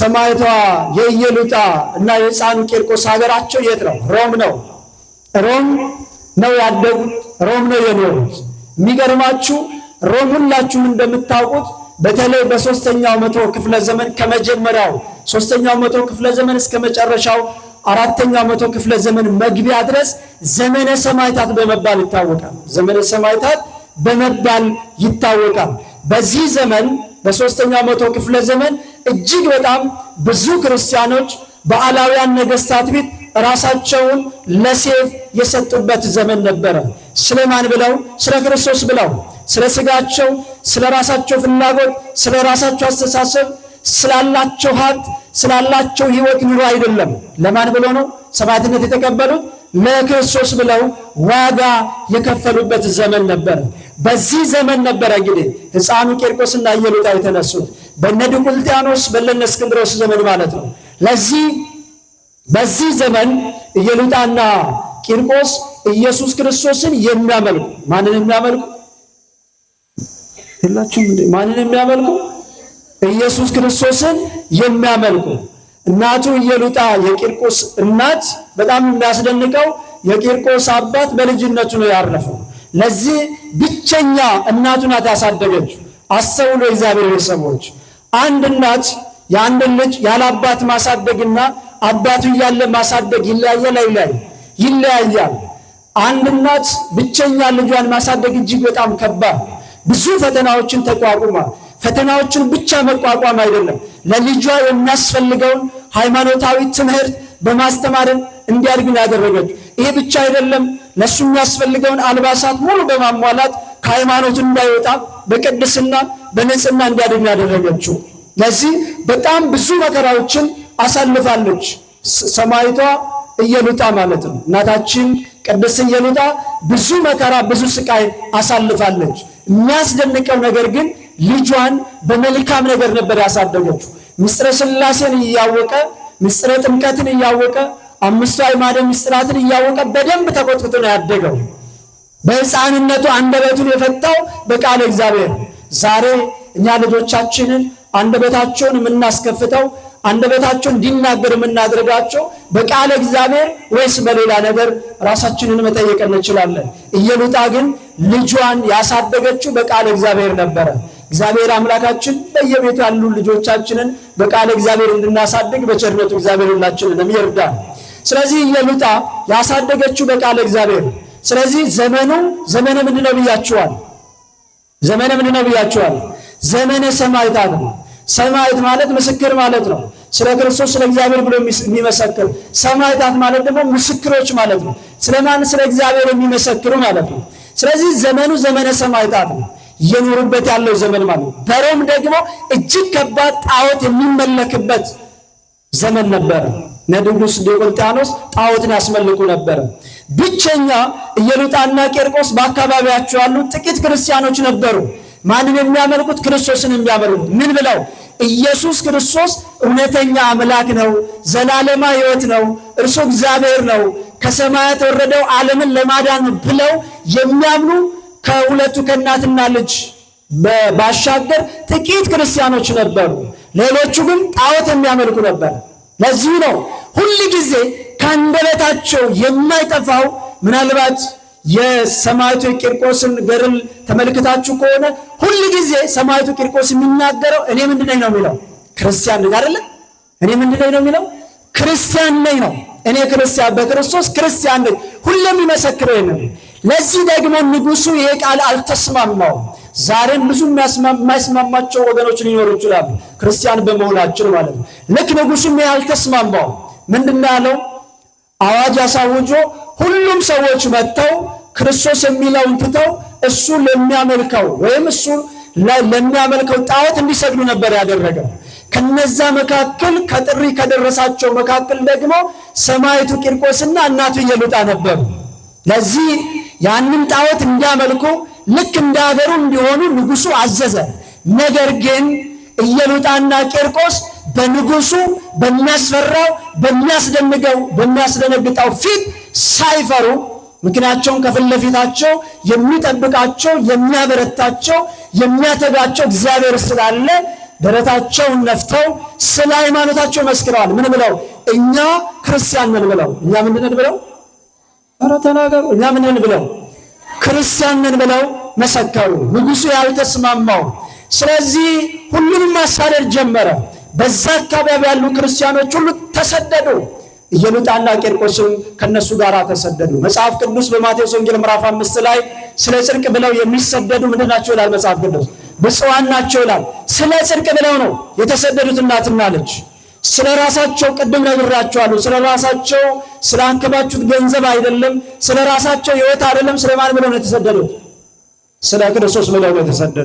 ሰማይቷ የኢየሉጣ እና የሕፃኑ ቂርቆስ ሀገራቸው የት ነው? ሮም ነው። ሮም ነው ያደጉት፣ ሮም ነው የኖሩት። የሚገርማችሁ ሮም ሁላችሁም እንደምታውቁት በተለይ በሶስተኛው መቶ ክፍለ ዘመን ከመጀመሪያው ሶስተኛው መቶ ክፍለ ዘመን እስከ መጨረሻው አራተኛው መቶ ክፍለ ዘመን መግቢያ ድረስ ዘመነ ሰማይታት በመባል ይታወቃል። ዘመነ ሰማይታት በመባል ይታወቃል። በዚህ ዘመን በሶስተኛው መቶ ክፍለ ዘመን እጅግ በጣም ብዙ ክርስቲያኖች በአላውያን ነገስታት ፊት ራሳቸውን ለሴፍ የሰጡበት ዘመን ነበረ። ስለማን ብለው? ስለ ክርስቶስ ብለው፣ ስለ ስጋቸው፣ ስለ ራሳቸው ፍላጎት፣ ስለ ራሳቸው አስተሳሰብ፣ ስላላቸው ሀብት፣ ስላላቸው ህይወት ኑሮ አይደለም። ለማን ብሎ ነው ሰማዕትነት የተቀበሉት? ለክርስቶስ ብለው ዋጋ የከፈሉበት ዘመን ነበረ። በዚህ ዘመን ነበረ እንግዲህ ህፃኑ ቂርቆስና ኢየሉጣ የተነሱት። በነ ዲዮቅልጥያኖስ በነ እስክንድሮስ ዘመን ማለት ነው። ለዚህ በዚህ ዘመን እየሉጣና ቂርቆስ ኢየሱስ ክርስቶስን የሚያመልኩ ማንን የሚያመልኩ ሁላችሁም ማንን የሚያመልኩ ኢየሱስ ክርስቶስን የሚያመልኩ እናቱ እየሉጣ የቂርቆስ እናት በጣም የሚያስደንቀው የቂርቆስ አባት በልጅነቱ ነው ያረፈው። ለዚህ ብቸኛ እናቱ ናት ያሳደገችው። አስተውሎ የእግዚአብሔር ቤተሰቦች አንድ እናት የአንድን ልጅ ያለ አባት ማሳደግና አባቱ እያለ ማሳደግ ይለያያል አይለያይም? ይለያያል። አንድ እናት ብቸኛ ልጇን ማሳደግ እጅግ በጣም ከባድ፣ ብዙ ፈተናዎችን ተቋቁማ ፈተናዎችን ብቻ መቋቋም አይደለም ለልጇ የሚያስፈልገውን ሃይማኖታዊ ትምህርት በማስተማርን እንዲያድግ ያደረገች። ይሄ ብቻ አይደለም፣ ለእሱ የሚያስፈልገውን አልባሳት ሙሉ በማሟላት ከሃይማኖት እንዳይወጣ በቅድስና በንጽህና እንዲያድኑ ያደረገችው። ለዚህ በጣም ብዙ መከራዎችን አሳልፋለች ሰማይቷ እየሉጣ ማለት ነው። እናታችን ቅድስት እየሉጣ ብዙ መከራ፣ ብዙ ስቃይ አሳልፋለች። የሚያስደንቀው ነገር ግን ልጇን በመልካም ነገር ነበር ያሳደገችው። ምስጥረ ስላሴን እያወቀ ምስጥረ ጥምቀትን እያወቀ አምስቱ አዕማደ ምስጢራትን እያወቀ በደንብ ተቆጥቶ ነው ያደገው። በሕፃንነቱ አንደበቱን የፈታው በቃለ እግዚአብሔር ዛሬ እኛ ልጆቻችንን አንደበታቸውን የምናስከፍተው አንደበታቸውን እንዲናገር የምናደርጋቸው በቃለ እግዚአብሔር ወይስ በሌላ ነገር ራሳችንን መጠየቅ እንችላለን። እየሉጣ ግን ልጇን ያሳደገችው በቃለ እግዚአብሔር ነበረ። እግዚአብሔር አምላካችን በየቤቱ ያሉ ልጆቻችንን በቃለ እግዚአብሔር እንድናሳድግ በቸርነቱ እግዚአብሔር ሁላችንንም ይርዳል። ስለዚህ እየሉጣ ያሳደገችው በቃለ እግዚአብሔር። ስለዚህ ዘመኑ ዘመነ ምንድን ነው ብያችኋል። ዘመነ ምንድን ነው ብያችኋል? ዘመነ ሰማዕታት ነው። ሰማዕት ማለት ምስክር ማለት ነው። ስለ ክርስቶስ ስለ እግዚአብሔር ብሎ የሚመሰክር ሰማዕታት ማለት ደግሞ ምስክሮች ማለት ነው። ስለማን? ስለ እግዚአብሔር የሚመሰክሩ ማለት ነው። ስለዚህ ዘመኑ ዘመነ ሰማዕታት ነው እየኖሩበት ያለው ዘመን ማለት ነው። በሮም ደግሞ እጅግ ከባድ ጣዖት የሚመለክበት ዘመን ነበር ንጉሥ ዲዮቅልጥያኖስ ጣዖትን ያስመልኩ ነበር። ብቸኛ ኢየሉጣና ቄርቆስ በአካባቢያቸው ያሉ ጥቂት ክርስቲያኖች ነበሩ። ማንም የሚያመልኩት ክርስቶስን የሚያመልኩ ምን ብለው ኢየሱስ ክርስቶስ እውነተኛ አምላክ ነው፣ ዘላለማ ሕይወት ነው፣ እርሱ እግዚአብሔር ነው፣ ከሰማያት ወረደው ዓለምን ለማዳን ብለው የሚያምኑ ከሁለቱ ከእናትና ልጅ ባሻገር ጥቂት ክርስቲያኖች ነበሩ። ሌሎቹ ግን ጣዖት የሚያመልኩ ነበር። ለዚህ ነው ሁል ጊዜ ከአንደበታቸው የማይጠፋው ምናልባት የሰማዕቱ ቂርቆስን ገድል ተመልክታችሁ ከሆነ ሁል ጊዜ ሰማዕቱ ቂርቆስ የሚናገረው እኔ ምንድነኝ ነው የሚለው። ክርስቲያን ነኝ አይደለ? እኔ ምንድነኝ ነው የሚለው። ክርስቲያን ነኝ ነው። እኔ ክርስቲያን በክርስቶስ ክርስቲያን ነኝ። ሁሌም የሚመሰክረው ነው። ለዚህ ደግሞ ንጉሱ ይሄ ቃል አልተስማማውም። ዛሬም ብዙ የማይስማማቸው ወገኖች ሊኖሩ ይችላሉ፣ ክርስቲያን በመሆናችን ማለት ነው። ልክ ንጉሡም ይሄ አልተስማማውም። ምንድን ነው ያለው? አዋጅ አሳውጆ ሁሉም ሰዎች መጥተው ክርስቶስ የሚለውን ትተው እሱ ለሚያመልከው ወይም እሱ ለሚያመልከው ጣዖት እንዲሰግዱ ነበር ያደረገው። ከነዛ መካከል ከጥሪ ከደረሳቸው መካከል ደግሞ ሰማይቱ ቂርቆስና እናቱ ኢየሉጣ ነበሩ። ለዚህ ያንም ጣዖት እንዲያመልኩ ልክ እንደ ሀገሩ እንዲሆኑ ንጉሱ አዘዘ። ነገር ግን ኢየሉጣና ቂርቆስ በንጉሱ በሚያስፈራው በሚያስደንገው በሚያስደነግጠው ፊት ሳይፈሩ ምክንያቸውን ከፊት ለፊታቸው የሚጠብቃቸው የሚያበረታቸው የሚያተጋቸው እግዚአብሔር ስላለ ደረታቸውን ነፍተው ስለ ሃይማኖታቸው መስክረዋል። ምን ብለው? እኛ ክርስቲያን ነን ብለው። እኛ ምንድነን ብለው? ኧረ ተናገሩ። እኛ ምንድን ብለው? ክርስቲያን ነን ብለው መሰከሩ። ንጉሱ ያልተስማማው። ስለዚህ ሁሉንም ማሳደድ ጀመረ። በዛ አካባቢ ያሉ ክርስቲያኖች ሁሉ ተሰደዱ። ኢየሉጣና ቂርቆስም ከነሱ ጋር ተሰደዱ። መጽሐፍ ቅዱስ በማቴዎስ ወንጌል ምዕራፍ አምስት ላይ ስለ ጽድቅ ብለው የሚሰደዱ ምንድን ናቸው ይላል መጽሐፍ ቅዱስ። ብፅዋን ናቸው ይላል። ስለ ጽድቅ ብለው ነው የተሰደዱት። እናትና ልጅ ስለ ራሳቸው ቅድም ነግራቸዋለሁ። ስለ ራሳቸው ስላንከባችሁት ገንዘብ አይደለም፣ ስለ ራሳቸው ሕይወት አይደለም። ስለማን ብለው ነው የተሰደዱት? ስለ ክርስቶስ ብለው ነው የተሰደዱት።